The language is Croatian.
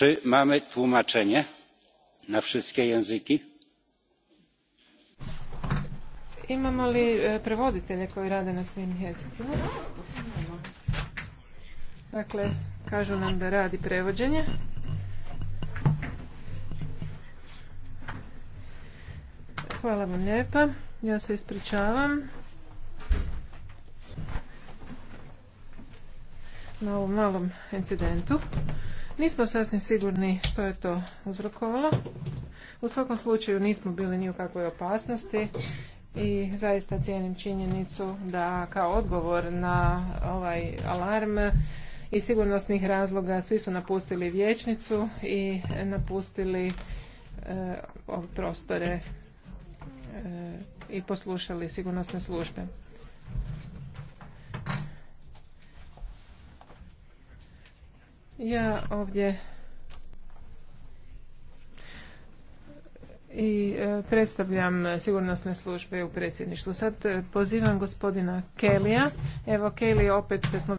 czy mamy tłumaczenie na wszystkie języki? Imamo li e, prevoditelje koji rade na svim jezicima? Dakle, kažu nam da radi prevođenje. Hvala vam lijepa. Ja se ispričavam. na ovom malom incidentu. Nismo sasvim sigurni što je to uzrokovalo. U svakom slučaju nismo bili ni u kakvoj opasnosti i zaista cijenim činjenicu da kao odgovor na ovaj alarm i sigurnosnih razloga svi su napustili vječnicu i napustili e, prostore e, i poslušali sigurnosne službe. Ja ovdje i e, predstavljam sigurnosne službe u predsjedništvu. Sad e, pozivam gospodina Kelija. Evo Kelija opet smo